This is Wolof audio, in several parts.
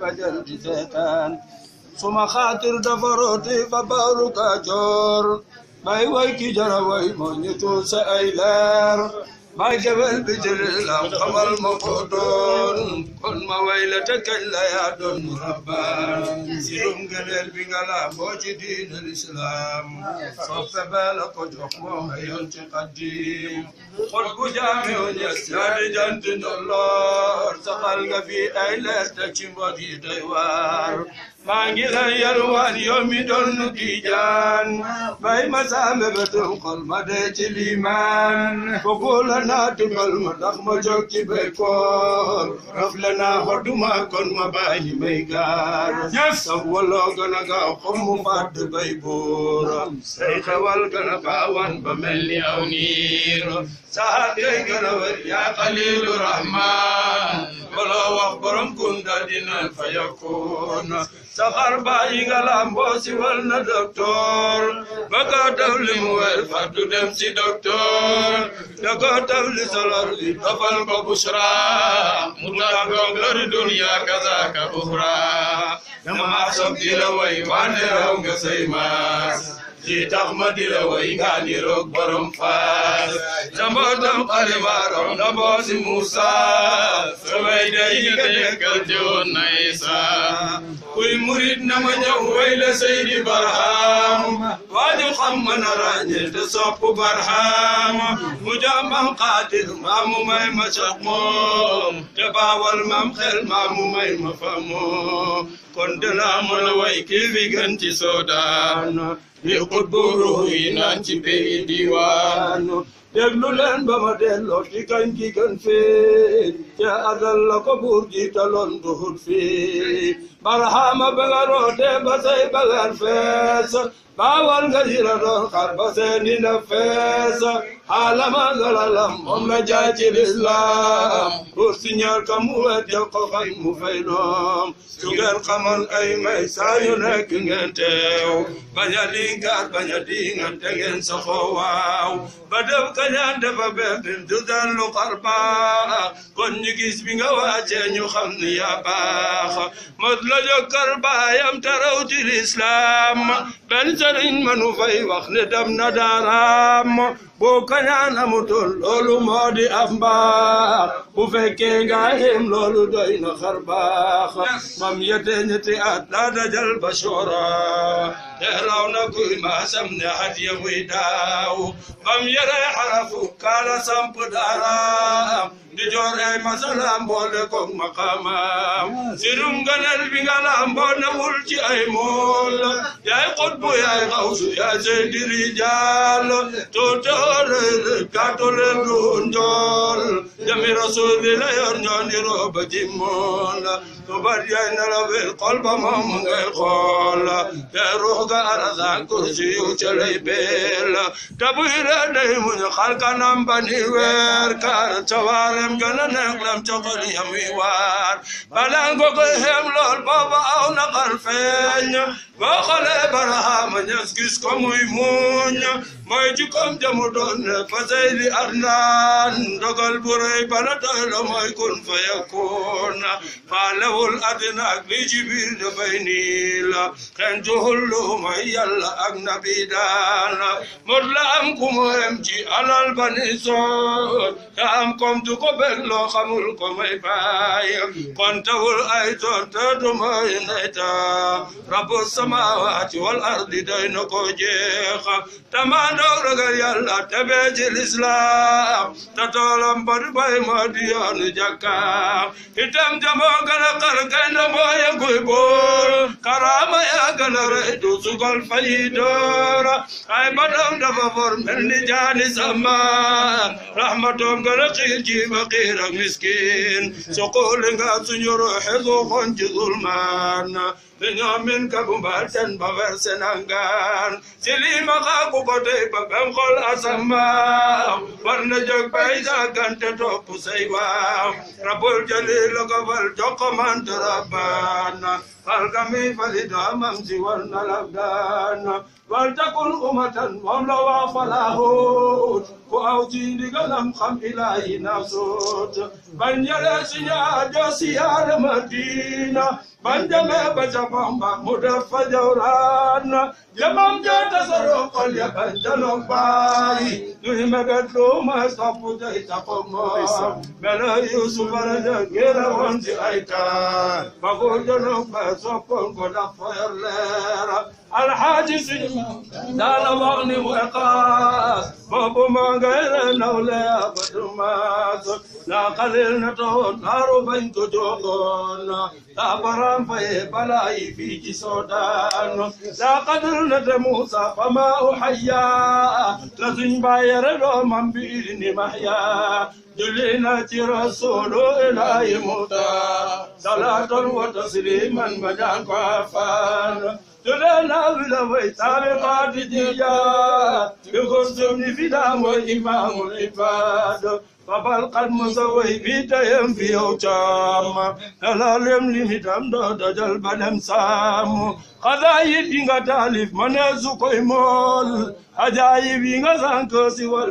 ba jël di seetaan suma xaatir dafa rooti ba baaru Kajoor bay way ki jara way moo ñu tuul sa ay leer maa jabal bi jëlalam xamal ma ko kon ma way la te la yaa doon mu rabbaan juróom gëneel bi nga la boo ci al islaam soppe bee la ko jox moom a yoon ci xaddiim bu jaame o ñes yaa di jant ndolloor saxal nga fi ay leer te ci waar maa ngi la yalwaan yow doon nu tiijaan bay ma saa mébétum xol ma dee ci liimaan foofu la naa tungal ma tax ma jóg ci béykoor raf la naa xodduma kon ma bàyyi may gaar sax a gaaw xom mu fàtt bay buur say xewal gën a gaawan ba mel ni aw niir saxaat gay gën a wér yaa xalilu rahmaan baloo wax borom kunda dina fa yakkoon saxaar baa yi nga si wal na ba ko def li mu dem si docteur da ko def li solar li dafal ko bushra mu tàggoo glory dunia kazaka uxra dama sob di la way raw nga maas li tax ma di la woy nga niroog borom faas njabootam xalimaaram ndabooti Muusa sa way yi nga dekkal jiwoon na Isaa kuy murit na ma ñëw way la Seydi Barham waaju xam mën a ràññee te sopp Barham mu jaam maam xaatir maamu may ma sax moom te baawal maam xel maamu may ma fa moom kon danaa mën a way kii bi gën soodaan bi xutbu ruux yi naan ci diwaan déglu ba ma delloo ci fii ca adal buur jiitaloon duhut fii barahama ba nga rootee ba say bagar fees baawal nga jira doon xar ba seeni na fees xaalama ngalalam moom la jaay ci lislaam pour si ñaar ka mu wet jox ko xay mu fay doom su ngeen xamoon ay may saa yu nekk ngeen teew bañ a lingaar bañ a dingante ngeen saxoo waaw ba def kañaan dafa beddin du daan lu xar baax kon ñu gis bi nga waajee ñu xam ni yaa baax mot la jokkar baayam taraw ci lislaam benn sëriñ manu fay wax ne dem na daaraam boo kañaan amutoon loolu moo di bu fekkee nga loolu doy na xar baax yete ñetti at soora te raw na kuy maasam ne at ya muy daaw bam yere xarafu kaala samp daaraam di joor ay masalaam boole koog maqaamaam sirum ganel bi nga laam boo newul ci ay mool yaay xutbu yaay xawsu yaay seen diri jaal tuutoo gàttu leen du njool jami rasul bi la yor njool di rooba ji mool tubar yaay nelaw bi xol ba moom ngay xool te ruux ga arasaan kursi yu ca lay beel te buy ree day muñ xar kanam ba ni weer kaar ca waarem gën a neex lam ca xol yam wi waar balaan ko koy xeem lool booba aw naqar feeñ boo xoolee barahaama ñas gis ko muy muñ mooy jikkoom jamu doon fa seydi arnaan ndogal bu rëy kun fa yakun faalewul àddina ak li ci biir dafay nii la lu mooy yàlla ak nabi daana mot la am ku mu em ci alal ba ni soot am kom du ko xamul ko may baay kon tawul ay tonte du mooy nayta rabbu samawaati wal ardi day na ko jeexa damandoo ragal yàlla ci lislaam te toolam bari bay moo di jakkaam itam jamoo gën a xar gaynde moo yeguy bool karaama yaa gën a du sugal fayi doora ay badam dafa for mel ni jaani sama rahmatoom gën a xiir ji ba xiir ak miskin suquli nga suñu ruuxi suuxoon zulmaan ñoomin kabumba ten ba wer senangaan silima xa ku ko tey ba bem xol asambaaw war na jóg bay saagante topp say waaw rabul jalil ko fal jokkomante rabbana falkami fali doomam si war na labdana wal takun umatan moom la waa ku aw ci ndigalam xam ilaahi nafsut bañ yale si ñaajo si yaara madina banjala bajabamba muda fajawrana jamam jota soro kolya banjalo bayi nuhi magadu masapu jaita kongo mela yusuf alaja gira wanti aita magojono baso kongo da fayarlera alxaaji siñ daana wax ni mu eqaas boobu maa ngay leen nawle abadu maas naa xalil na toon naaru bañ ko joogoon daa baram faye soodaan daa xadir na te muusa fa maa u xayyaa la suñ bàyyere doomam bi ni mahyaa جلينا رسول إلهي موتى صلاة وتسليما بجان كفان جلينا بلا ويتاب قادجيا بخصم فدا وإمام العباد babal xat ma sa way bi tayem fi yow caam dalalem limitam do dojal balem saam xadaayit yi nga taalif ma ne su koy ajaayib yi nga sànk si wal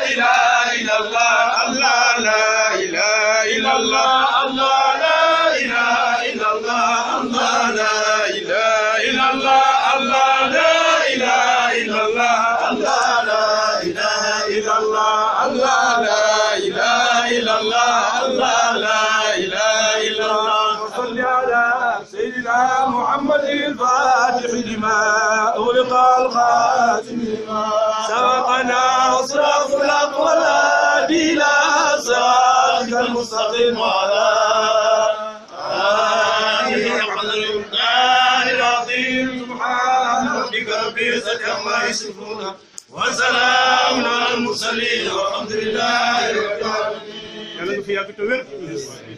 إلا الله الله لا إله إلا الله الله لا إله إلا الله الله لا إله إلا الله الله لا إله إلا الله الله لا إله إلا الله الله لا إله إلا الله صل على سيدنا محمد الفاتح لما أغلق الخاتم لما سبقنا وصرف الأقوال بلا المستقيم وعلى آله حق الإمكان العظيم سبحان ربك رب العزة عما يصفون وسلام على المرسلين والحمد لله رب العالمين.